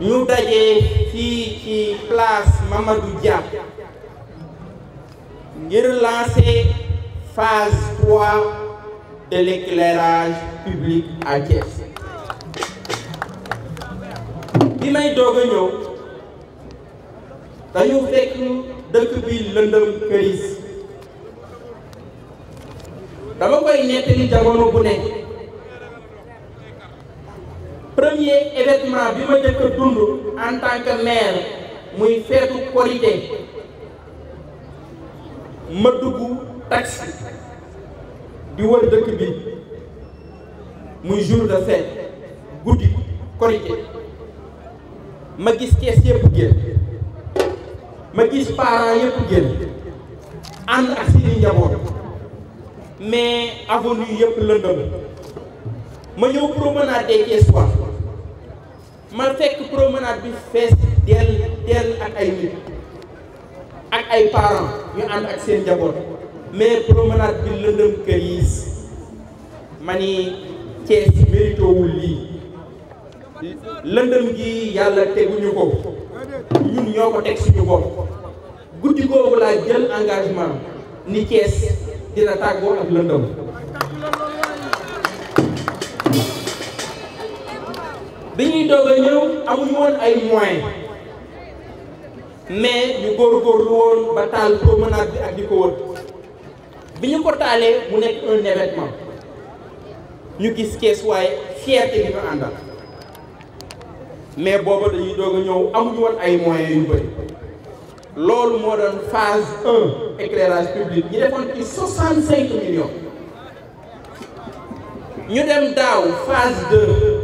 ñu dajee fii ci place Mamadou Dia ngir lancer phase 3 de l'éclairage public à bi may doog dañu fekk dëkk bi lëndëm këris dama koy nettali jamono bu nekk premier événement bi ma njëkk a dund en tant que maire muy feetu korité ma dugg taxi di wër dëkk bi muy jour de fête guddi korité ma gis kees yëpp génn ma gis parents yëpp génn ànd ak seeni njaboot mais avenue yëpp lëndëm ma ñëw promenade des Thiessois ma fekk promenade bi fees dell dell ak ay nit ak ay parents ñu ànd ak seen njaboot mais promenade bi lëndëm këyiis ma ni Thiès méritowul lii lëndëm gi yàlla teguñu ko ñun ñoo ko teg suñu bopp guddi googu laa jël engagement ni Thiès dina tàggoo ak lëndëm bi ñuy doog a ñëw amuñu woon ay moyens mais ñu góorgóorlu woon ba taal promenade bi ak di ko wër bi ñu ko taalee mu nekk un événement ñu gis kees waaye fierté bi ñu àndal mais booba dañuy doog a amuñu woon ay moyens yu bëri loolu moo doon phase un éclairage public ñu defoon ci 65 millions ñu dem daaw phase deux.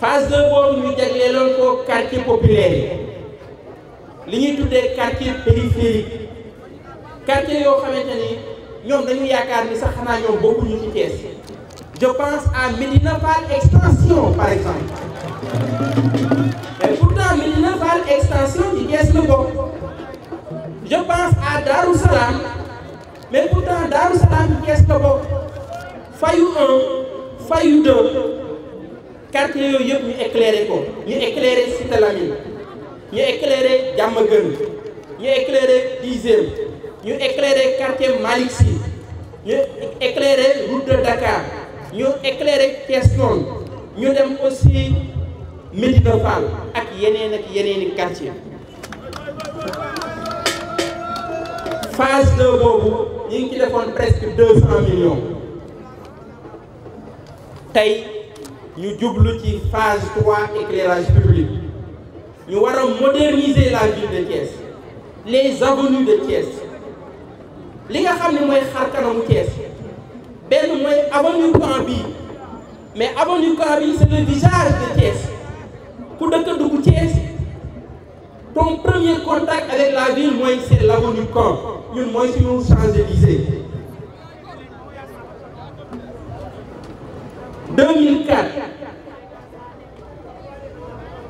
phase 2 nous avons un ko quartier populaire yi li ñuy tuddee quartier périphérique quartier yoo xamante ni ñoom de yaakaar ni sax xanaa beaucoup de ci je pense à Médina extension par exemple mais pourtant Médina extension ci Thiès le bokk je pense à Darussalam, mais pourtant Darussalam, Salam ce qu'il la Fayou 1 Fayou 2 quartier yooyu yëpp ñu éclairer ko ñu éclairer Cité Lamy ñu éclairer Diamaguène ñu éclairer dixième ñu éclairer quartier Malick Sy ñu éclairer route Dakar ñu éclairer Thiès ñu dem aussi Médina Fall ak yeneen ak yeneeni quartier phase 2 boobu ñu ngi ci defoon presque deux cent Nous sommes phase 3 éclairage public nous allons moderniser la ville de Thiès les avenues de Thiès li nga xam dans la xar nous Thiès benn mooy avenue mais avenue Caen c'est le visage de Thiès Pour dëkk de Thiès ton premier contact avec la ville c'est l'avenue avons ñun mooy suñu de élysées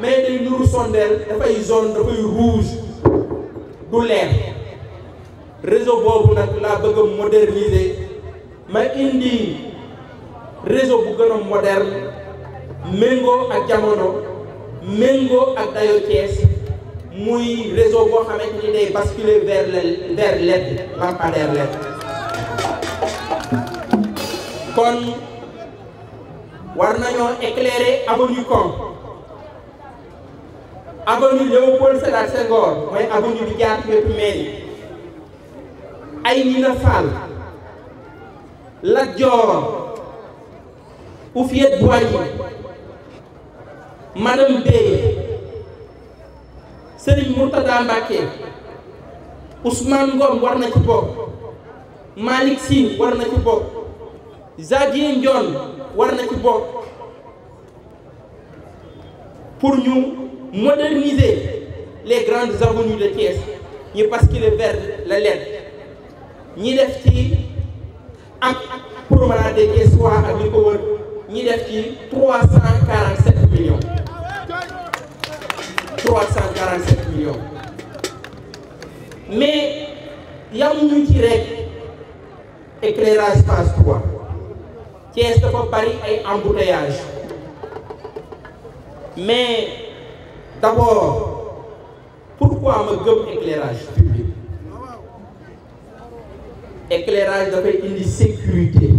mais day nuru sondeel ne jaune rouge du réseau moderniser ma réseau bu moderne ak jamono mengo ak dayo Thiès muy réseau bo ni day basculer vers le vers l'aide. kon éclairer avenue Léopold Sédar Senghor mooy avenue bi jaar ci wetu mairie ay Nina Fall Lat Dior Houphouët Boigny Madame Beye Serigne Mourtada Mbacké Ousmane Ngom war na ci bokk Malick Sy war na ci bokk Zadie Ndione war na ci bokk pour ñu moderniser les grandes avenues de ni parce qu'il est vers la laine. Ni lefti, pour des qui soit à l'école, ni lefti, 347 millions. 347 millions. Mais, il y a un direct éclairage phase 3. Thiès de Paris est embouteillage. Mais, D'abord, pourquoi me gomme éclairage public Éclairage dafay indi sécurité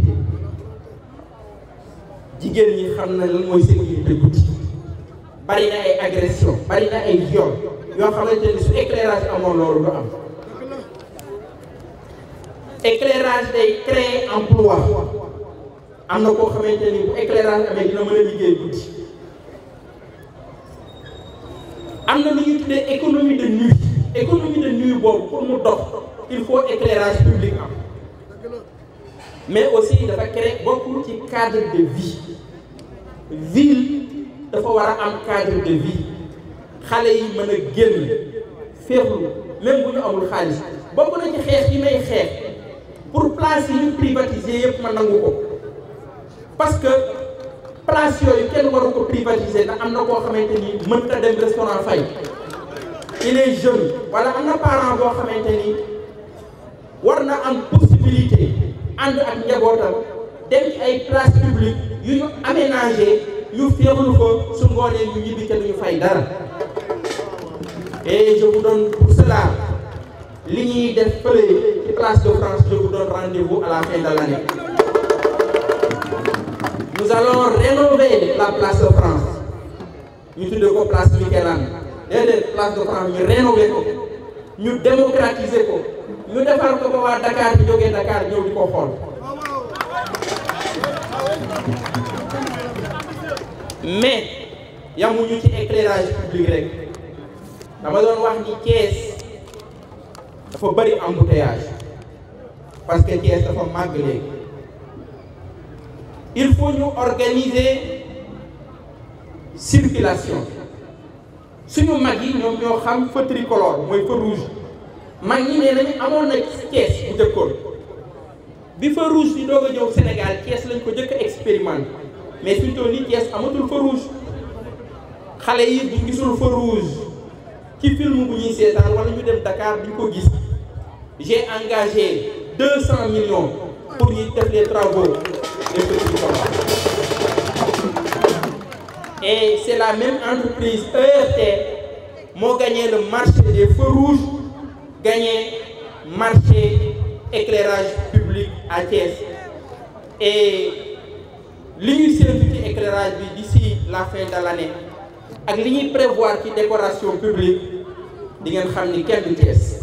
jigéen ñi xam na lan sécurité guddi bari na ay agression bari na ay viol Yo xamante ni su éclairage amoon mon du am éclairage day créer emploi Amna ko koo bu éclairage amee dina mën a liggéey amna ñu lu tuddee économie de nuit économie de nuit boobu pour mu dox il faut éclairage public am mais aussi dafa créer bokkul ci cadre de vie ville dafa war a am cadre de vie xale yi mën a génn féexlu même bu ñu amul xaalis bokk na ci xeex yi may xeex pour place yi ñu privatiser yëpp ma nangu ko parce que place yooyu kenn waru ko privatiser ndax am na koo xamante nii mën ta dem restaurant fay il est jeune wala am na parent boo xamante ni war na am possibilité ànd ak njabootam dem ay place publique yu ñu aménagé yu féexlu ko su ngoonee ñu ñibbi te duñu fay dara et je vous donne pour li ñuy def fële ci place de France je vous donne rendez-vous à la fin de l'année allons rénover la place de France ñu tuddee ko place Mitterrand déedéet place de France ñu rénover ko ñu démocratiser ko ñu defar ko waa Dakar bi jógee Dakar ñëw ko xool. mais yamuñu ci éclairage public dama doon wax ni Thiès dafa bëri embouteillage parce que Thiès dafa màgg léegi. il faut nous organiser circulation Si mag yi ñoom ñoo xam feu tricolore mooy feu rouge mag ñi nee nañu amoon na Thiès bu njëkkoon bi feu rouge di doog a ñëw Sénégal Thiès lañ ko jëkk expérimenté mais suñu toll nii Thiès amatul feu rouge Xalé yi duñ gisul feu rouge ci film bu ñuy sétan wala ñu dem Dakar duñ ko gis j'ai engagé 200 millions pour y def les travaux. Et c'est la même entreprise ERT qui a gagné le marché des feux rouges, gagné marché éclairage public à Thiès. Et l'initiative éclairage d'ici la fin de l'année, avec ce prévoir qui décoration publique, vous savez qu'il y